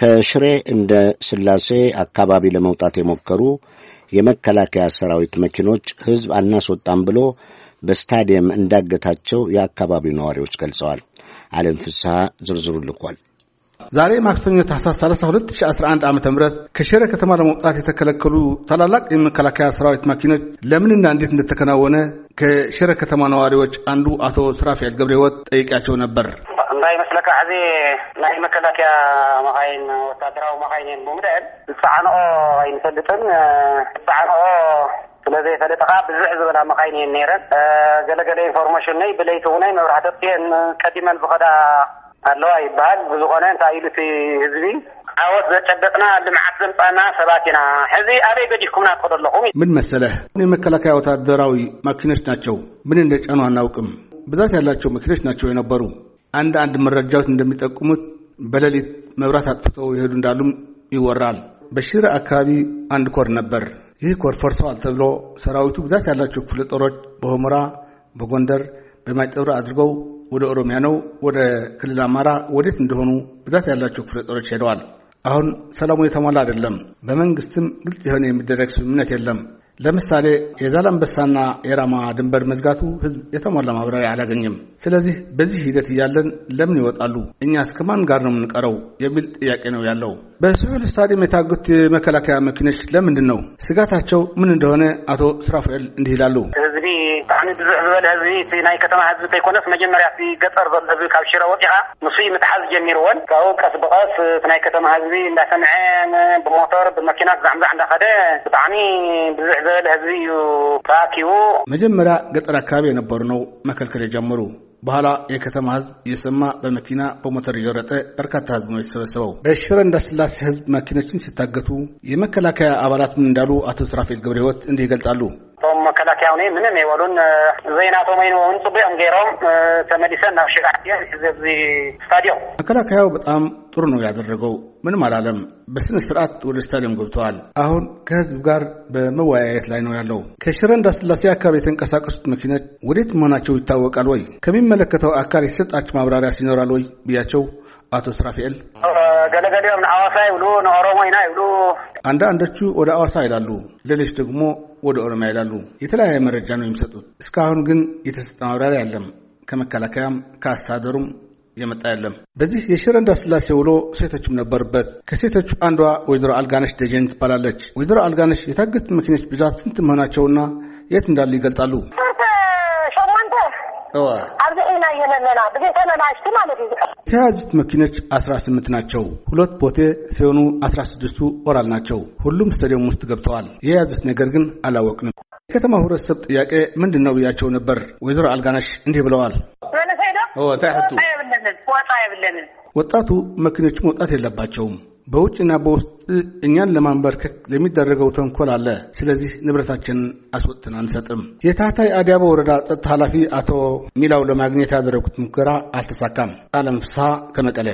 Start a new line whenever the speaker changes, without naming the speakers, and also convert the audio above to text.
ከሽሬ እንደ ስላሴ አካባቢ ለመውጣት የሞከሩ የመከላከያ ሰራዊት መኪኖች ህዝብ አናስወጣም ብሎ በስታዲየም እንዳገታቸው የአካባቢው ነዋሪዎች ገልጸዋል። አለም ፍስሐ ዝርዝሩ ልኳል።
ዛሬ ማክሰኞ ታህሳስ 32 2011 ዓ.ም ከሽረ ከተማ ለመውጣት የተከለከሉ ታላላቅ የመከላከያ ሰራዊት ማኪኖች ለምንና እንዴት እንደተከናወነ ከሽረ ከተማ ነዋሪዎች አንዱ አቶ ስራፊያል ገብረ ህይወት ጠይቂያቸው ነበር።
ናይ መስለካ ሕዚ ናይ መከላከያ መኻይን ወታደራዊ መኻይን እየን ብምልዕል ዝፀዓንኦ ኣይንፈልጥን ዝፀዓንኦ ስለዘይፈልጥ ከዓ ብዝሕ ዝበላ መኻይን እየን ነይረን ገለገለ ኢንፎርሜሽን ነይ ብለይቲ እውነይ መብራህቲ ኣብቲአን ቀዲመን ዝኸዳ ኣለዋ ይበሃል ብዝኾነ እንታይ ኢሉ እቲ ህዝቢ ዓወት ዘጨበጥና ልምዓት ዘምፃና ሰባት ኢና ሕዚ ኣበይ ገዲፍኩምና ትኸዶ
ኣለኹም ምን መሰለህ የመከላከያ ወታደራዊ ማኪኖች ናቸው ምን እንደጫኑ አናውቅም ብዛት ያላቸው መኪኖች ናቸው የነበሩ አንዳንድ መረጃዎች እንደሚጠቁሙት በሌሊት መብራት አጥፍተው ይሄዱ እንዳሉም ይወራል። በሽረ አካባቢ አንድ ኮር ነበር። ይህ ኮር ፈርሰዋል ተብሎ ሰራዊቱ ብዛት ያላቸው ክፍለ ጦሮች በሆሞራ፣ በጎንደር፣ በማይጠብረ አድርገው ወደ ኦሮሚያ ነው ወደ ክልል አማራ ወዴት እንደሆኑ ብዛት ያላቸው ክፍለ ጦሮች ሄደዋል። አሁን ሰላሙ የተሟላ አይደለም። በመንግስትም ግልጽ የሆነ የሚደረግ ስምምነት የለም። ለምሳሌ የዛላምበሳና የራማ ድንበር መዝጋቱ ህዝብ የተሟላ ማብራሪያ አላገኘም። ስለዚህ በዚህ ሂደት እያለን ለምን ይወጣሉ? እኛ እስከ ማን ጋር ነው የምንቀረው? የሚል ጥያቄ ነው ያለው። በስሑል ስታዲየም የታጉት የመከላከያ መኪኖች ለምንድን ነው? ስጋታቸው ምን እንደሆነ አቶ ስራፋኤል እንዲህ ይላሉ።
ብዙሕ ዝበለ ህዝቢ እቲ ናይ ከተማ ህዝቢ እንተይኮነስ መጀመርያ እቲ ገጠር ዘሎ ህዝቢ ካብ ሽረ ወፂዓ ንሱ ምትሓዝ ጀሚርዎን ካብኡ ቀስ ብቀስ እቲ ናይ ከተማ ህዝቢ እንዳሰምዐ ብሞተር ብመኪና ዛዕምዛዕ እንዳኸደ ብጣዕሚ ብዙሕ ዝበለ ህዝቢ እዩ ተኣኪቡ
መጀመሪያ ገጠር አካባቢ የነበሩ ነው መከልከል የጀመሩ በኋላ የከተማ ህዝብ እየሰማ በመኪና በሞተር እየወረጠ በርካታ ህዝብ ነው የተሰበሰበው። በሽረ እንዳስላሴ ህዝብ መኪኖችን ሲታገቱ የመከላከያ አባላት ምን እንዳሉ አቶ ስራፌል ገብረ ህይወት እንዲህ ይገልጻሉ።
መከላከያ ሁኔ ምንም የበሉን ዘይናቶ መይን ውን ገይሮም ተመሊሰን ናብ ሽቃዓያ ህዝቢ ስታዲዮም
መከላከያው በጣም ጥሩ ነው ያደረገው። ምንም አላለም። በስነ ስርዓት ወደ ስታዲየም ገብተዋል። አሁን ከህዝብ ጋር በመወያየት ላይ ነው ያለው። ከሽረ እንዳስላሴ አካባቢ የተንቀሳቀሱት መኪኖች ወዴት መሆናቸው ይታወቃል ወይ? ከሚመለከተው አካል የተሰጣቸው ማብራሪያ ሲኖራል ወይ ብያቸው አቶ ስራፊኤል
ገለገሌም ንአዋሳ ይብሉ ንኦሮሞ ይና ይብሉ፣
አንዳንዶቹ ወደ አዋሳ ይላሉ፣ ሌሎች ደግሞ ወደ ኦሮሚያ ይላሉ። የተለያየ መረጃ ነው የሚሰጡት። እስካሁን ግን የተሰጠ ማብራሪያ የለም። ከመከላከያም ከአስተዳደሩም የመጣ የለም። በዚህ የሽረ ስላሴ ውሎ ሴቶችም ነበሩበት። ከሴቶቹ አንዷ ወይዘሮ አልጋነሽ ደጀን ትባላለች። ወይዘሮ አልጋነሽ የታገቱ መኪኖች ብዛት ስንት መሆናቸውና የት እንዳሉ ይገልጻሉ። ሸሞንተ
አብዚ ኢና የለለና ብዜ ተመላሽቲ ማለት እዩ
የተያዙት መኪኖች 18 ናቸው። ሁለት ቦቴ ሲሆኑ 16ቱ ወራል ናቸው። ሁሉም ስታዲየም ውስጥ ገብተዋል። የያዙት ነገር ግን አላወቅንም። የከተማ ህብረተሰብ ጥያቄ ምንድን ነው ብያቸው ነበር። ወይዘሮ አልጋናሽ እንዲህ ብለዋል። ወጣቱ መኪኖች መውጣት የለባቸውም በውጭና በውስጥ እኛን ለማንበርከክ ለሚደረገው ተንኮል አለ። ስለዚህ ንብረታችንን አስወጥተን አንሰጥም። የታህታይ አዲያባ ወረዳ ጸጥታ ኃላፊ አቶ ሚላው ለማግኘት ያደረጉት ሙከራ አልተሳካም። አለም ፍስሐ ከመቀለ